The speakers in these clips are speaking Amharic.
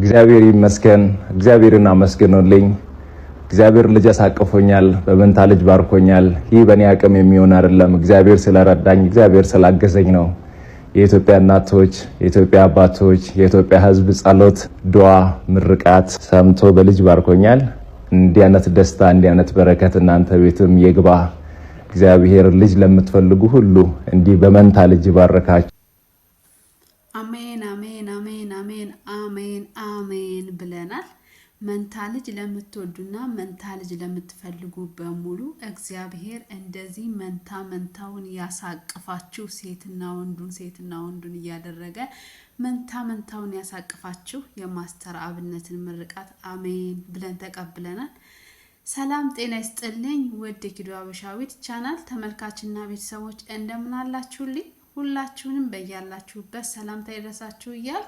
እግዚአብሔር ይመስገን። እግዚአብሔርን አመስግኖልኝ እግዚአብሔር ልጅ አሳቅፎኛል፣ በመንታ ልጅ ባርኮኛል። ይህ በእኔ አቅም የሚሆን አይደለም። እግዚአብሔር ስለረዳኝ፣ እግዚአብሔር ስላገዘኝ ነው። የኢትዮጵያ እናቶች፣ የኢትዮጵያ አባቶች፣ የኢትዮጵያ ሕዝብ ጸሎት፣ ድዋ፣ ምርቃት ሰምቶ በልጅ ባርኮኛል። እንዲህ አይነት ደስታ፣ እንዲህ አይነት በረከት እናንተ ቤትም የግባ። እግዚአብሔር ልጅ ለምትፈልጉ ሁሉ እንዲህ በመንታ ልጅ ይባርካችሁ። አሜን ብለናል። መንታ ልጅ ለምትወዱና መንታ ልጅ ለምትፈልጉ በሙሉ እግዚአብሔር እንደዚህ መንታ መንታውን ያሳቅፋችሁ፣ ሴትና ወንዱን ሴትና ወንዱን እያደረገ መንታ መንታውን ያሳቅፋችሁ። የማስተር አብነትን ምርቃት አሜን ብለን ተቀብለናል። ሰላም ጤና ይስጥልኝ። ውድ ኪዶ አበሻዊት ቻናል ተመልካችና ቤተሰቦች እንደምን አላችሁልኝ? ሁላችሁንም በያላችሁበት ሰላምታ ይድረሳችሁ እያል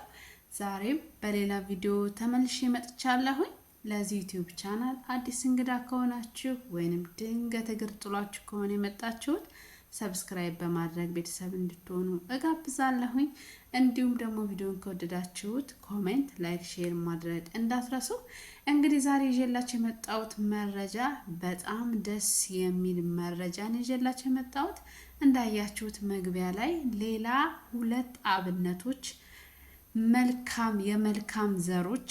ዛሬም በሌላ ቪዲዮ ተመልሼ መጥቻለሁኝ። ለዚህ ዩቲዩብ ቻናል አዲስ እንግዳ ከሆናችሁ ወይንም ድንገት እግር ጥሏችሁ ከሆነ የመጣችሁት ሰብስክራይብ በማድረግ ቤተሰብ እንድትሆኑ እጋብዛለሁኝ። እንዲሁም ደግሞ ቪዲዮን ከወደዳችሁት ኮሜንት፣ ላይክ፣ ሼር ማድረግ እንዳትረሱ። እንግዲህ ዛሬ ይዤላችሁ የመጣሁት መረጃ በጣም ደስ የሚል መረጃን ይዤላችሁ የመጣሁት እንዳያችሁት መግቢያ ላይ ሌላ ሁለት አብነቶች መልካም የመልካም ዘሮች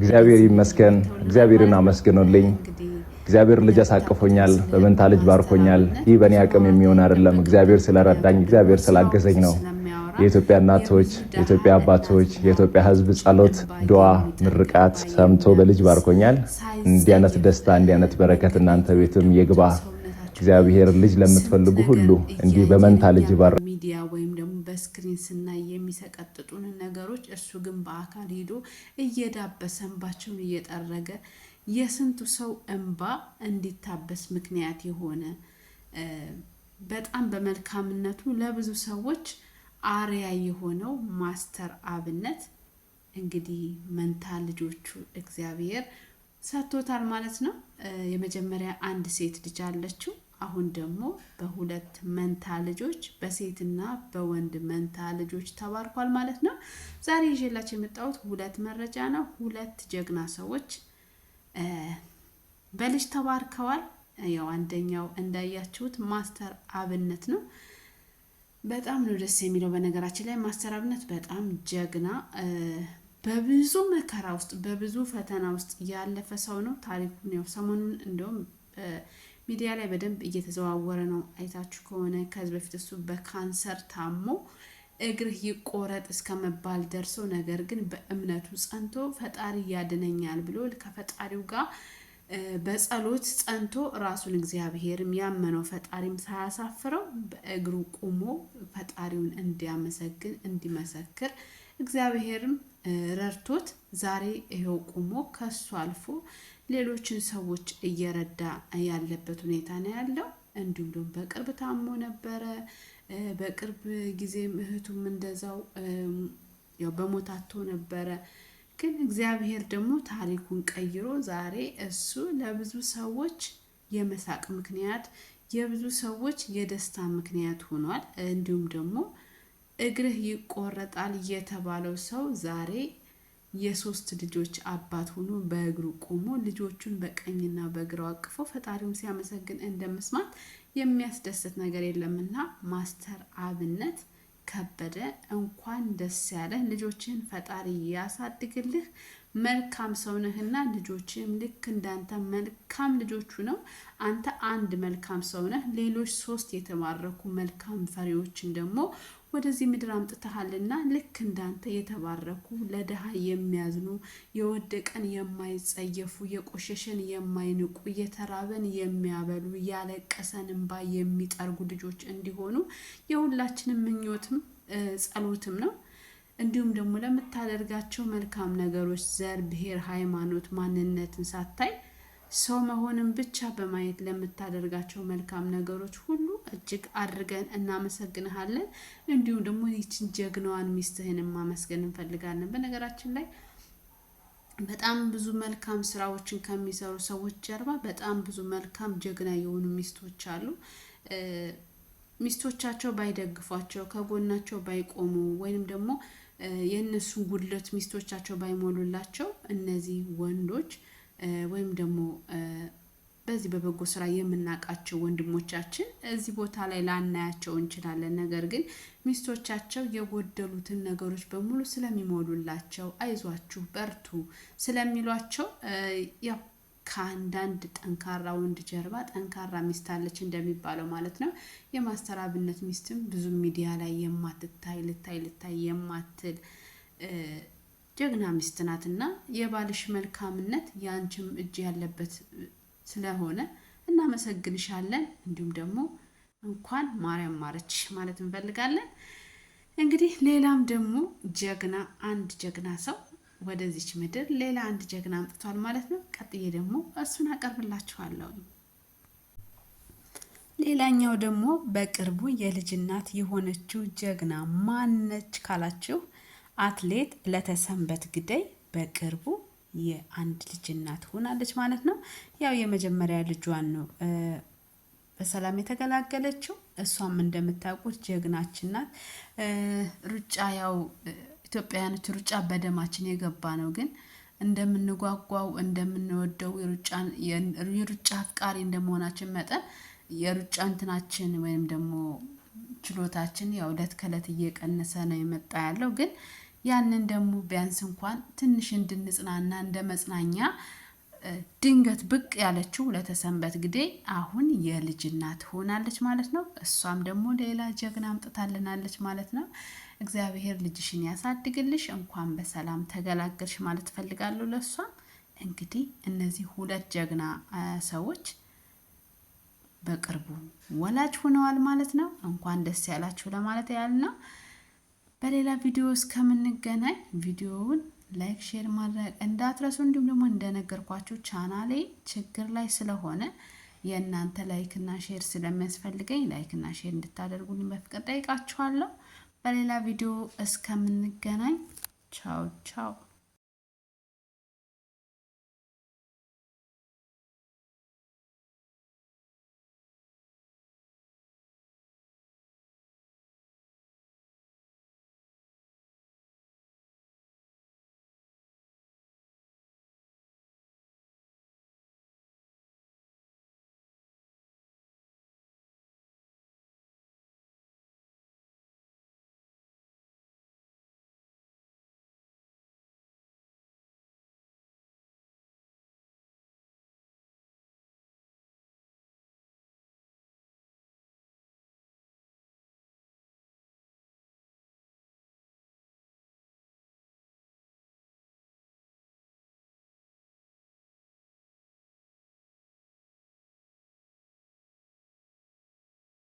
እግዚአብሔር ይመስገን። እግዚአብሔርን አመስግኖልኝ። እግዚአብሔር ልጅ አሳቅፎኛል፣ በመንታ ልጅ ባርኮኛል። ይህ በእኔ አቅም የሚሆን አይደለም። እግዚአብሔር ስለረዳኝ፣ እግዚአብሔር ስላገዘኝ ነው። የኢትዮጵያ እናቶች፣ የኢትዮጵያ አባቶች፣ የኢትዮጵያ ሕዝብ ጸሎት፣ ድዋ፣ ምርቃት ሰምቶ በልጅ ባርኮኛል። እንዲህ አይነት ደስታ፣ እንዲህ አይነት በረከት እናንተ ቤትም የግባ እግዚአብሔር ልጅ ለምትፈልጉ ሁሉ እንዲህ በመንታ ልጅ ባረ ሚዲያ ወይም ደግሞ በስክሪን ስናይ የሚሰቀጥጡን ነገሮች እሱ ግን በአካል ሄዶ እየዳበሰንባቸውን እየጠረገ የስንቱ ሰው እንባ እንዲታበስ ምክንያት የሆነ በጣም በመልካምነቱ ለብዙ ሰዎች አርያ የሆነው ማስተር አብነት እንግዲህ መንታ ልጆቹ እግዚአብሔር ሰጥቶታል ማለት ነው። የመጀመሪያ አንድ ሴት ልጅ አለችው። አሁን ደግሞ በሁለት መንታ ልጆች በሴትና በወንድ መንታ ልጆች ተባርኳል ማለት ነው። ዛሬ ይዤላችሁ የመጣሁት ሁለት መረጃ ነው። ሁለት ጀግና ሰዎች በልጅ ተባርከዋል። ያው አንደኛው እንዳያችሁት ማስተር አብነት ነው። በጣም ነው ደስ የሚለው። በነገራችን ላይ ማስተር አብነት በጣም ጀግና በብዙ መከራ ውስጥ በብዙ ፈተና ውስጥ ያለፈ ሰው ነው። ታሪኩን ያው ሰሞኑን እንደውም ሚዲያ ላይ በደንብ እየተዘዋወረ ነው። አይታችሁ ከሆነ ከዚህ በፊት እሱ በካንሰር ታሞ እግርህ ይቆረጥ እስከ መባል ደርሶ፣ ነገር ግን በእምነቱ ጸንቶ ፈጣሪ ያድነኛል ብሎ ከፈጣሪው ጋር በጸሎት ጸንቶ ራሱን እግዚአብሔርም ያመነው ፈጣሪም ሳያሳፍረው በእግሩ ቁሞ ፈጣሪውን እንዲያመሰግን እንዲመሰክር እግዚአብሔርም ረድቶት ዛሬ ይኸው ቁሞ ከሱ አልፎ ሌሎችን ሰዎች እየረዳ ያለበት ሁኔታ ነው ያለው። እንዲሁም ደግሞ በቅርብ ታሞ ነበረ። በቅርብ ጊዜም እህቱም እንደዛው ያው በሞታቶ ነበረ። ግን እግዚአብሔር ደግሞ ታሪኩን ቀይሮ ዛሬ እሱ ለብዙ ሰዎች የመሳቅ ምክንያት፣ የብዙ ሰዎች የደስታ ምክንያት ሆኗል። እንዲሁም ደግሞ እግርህ ይቆረጣል የተባለው ሰው ዛሬ የሶስት ልጆች አባት ሆኖ በእግሩ ቆሞ ልጆቹን በቀኝና በግራው አቅፎ ፈጣሪውን ሲያመሰግን እንደመስማት የሚያስደስት ነገር የለምና ማስተር አብነት ከበደ እንኳን ደስ ያለህ። ልጆችህን ፈጣሪ ያሳድግልህ። መልካም ሰው ነህና ልጆችህም ልክ እንዳንተ መልካም ልጆቹ ነው። አንተ አንድ መልካም ሰው ነህ። ሌሎች ሶስት የተማረኩ መልካም ፈሪዎችን ደግሞ ወደዚህ ምድር አምጥተሃልና ልክ እንዳንተ የተባረኩ ለድሃ የሚያዝኑ የወደቀን የማይጸየፉ የቆሸሸን የማይንቁ የተራበን የሚያበሉ ያለቀሰን እንባ የሚጠርጉ ልጆች እንዲሆኑ የሁላችንም ምኞትም ጸሎትም ነው። እንዲሁም ደግሞ ለምታደርጋቸው መልካም ነገሮች ዘር፣ ብሔር፣ ሃይማኖት ማንነትን ሳታይ ሰው መሆንን ብቻ በማየት ለምታደርጋቸው መልካም ነገሮች ሁሉ እጅግ አድርገን እናመሰግንሃለን። እንዲሁም ደግሞ ይችን ጀግናዋን ሚስትህን ማመስገን እንፈልጋለን። በነገራችን ላይ በጣም ብዙ መልካም ስራዎችን ከሚሰሩ ሰዎች ጀርባ በጣም ብዙ መልካም ጀግና የሆኑ ሚስቶች አሉ። ሚስቶቻቸው ባይደግፏቸው፣ ከጎናቸው ባይቆሙ ወይም ደግሞ የእነሱን ጉድለት ሚስቶቻቸው ባይሞሉላቸው እነዚህ ወንዶች ወይም ደግሞ በዚህ በበጎ ስራ የምናውቃቸው ወንድሞቻችን እዚህ ቦታ ላይ ላናያቸው እንችላለን። ነገር ግን ሚስቶቻቸው የጎደሉትን ነገሮች በሙሉ ስለሚሞሉላቸው አይዟችሁ፣ በርቱ ስለሚሏቸው ያው ከአንዳንድ ጠንካራ ወንድ ጀርባ ጠንካራ ሚስት አለች እንደሚባለው ማለት ነው። የማስተራብነት ሚስትም ብዙ ሚዲያ ላይ የማትታይ ልታይ ልታይ የማትል ጀግና ሚስት ናትና የባልሽ መልካምነት የአንችም እጅ ያለበት ስለሆነ እናመሰግንሻለን። እንዲሁም ደግሞ እንኳን ማርያም ማረች ማለት እንፈልጋለን። እንግዲህ ሌላም ደግሞ ጀግና አንድ ጀግና ሰው ወደዚች ምድር ሌላ አንድ ጀግና አምጥቷል ማለት ነው። ቀጥዬ ደግሞ እሱን አቀርብላችኋለሁ። ሌላኛው ደግሞ በቅርቡ የልጅ እናት የሆነችው ጀግና ማነች ካላችሁ አትሌት ለተሰንበት ግደይ በቅርቡ የአንድ ልጅ እናት ሆናለች ማለት ነው። ያው የመጀመሪያ ልጇን ነው በሰላም የተገላገለችው። እሷም እንደምታውቁት ጀግናችን ናት። ሩጫ ያው ኢትዮጵያውያኖች ሩጫ በደማችን የገባ ነው ግን እንደምንጓጓው እንደምንወደው የሩጫ አፍቃሪ እንደመሆናችን መጠን የሩጫ እንትናችን ወይም ደግሞ ችሎታችን ያው ዕለት ከዕለት እየቀነሰ ነው የመጣ ያለው ግን ያንን ደግሞ ቢያንስ እንኳን ትንሽ እንድንጽናና እንደ መጽናኛ ድንገት ብቅ ያለችው ለተሰንበት ግዴ አሁን የልጅ እናት ሆናለች ማለት ነው። እሷም ደግሞ ሌላ ጀግና አምጥታልናለች ማለት ነው። እግዚአብሔር ልጅሽን ያሳድግልሽ፣ እንኳን በሰላም ተገላገልሽ ማለት ፈልጋለሁ ለእሷም። እንግዲህ እነዚህ ሁለት ጀግና ሰዎች በቅርቡ ወላጅ ሆነዋል ማለት ነው። እንኳን ደስ ያላችሁ ለማለት ያህል ነው። በሌላ ቪዲዮ እስከምንገናኝ ቪዲዮውን ላይክ፣ ሼር ማድረግ እንዳትረሱ። እንዲሁም ደግሞ እንደነገርኳችሁ ቻናሌ ችግር ላይ ስለሆነ የእናንተ ላይክ ና ሼር ስለሚያስፈልገኝ ላይክ ና ሼር እንድታደርጉልኝ በፍቅር ጠይቃችኋለሁ። በሌላ ቪዲዮ እስከምንገናኝ ቻው ቻው።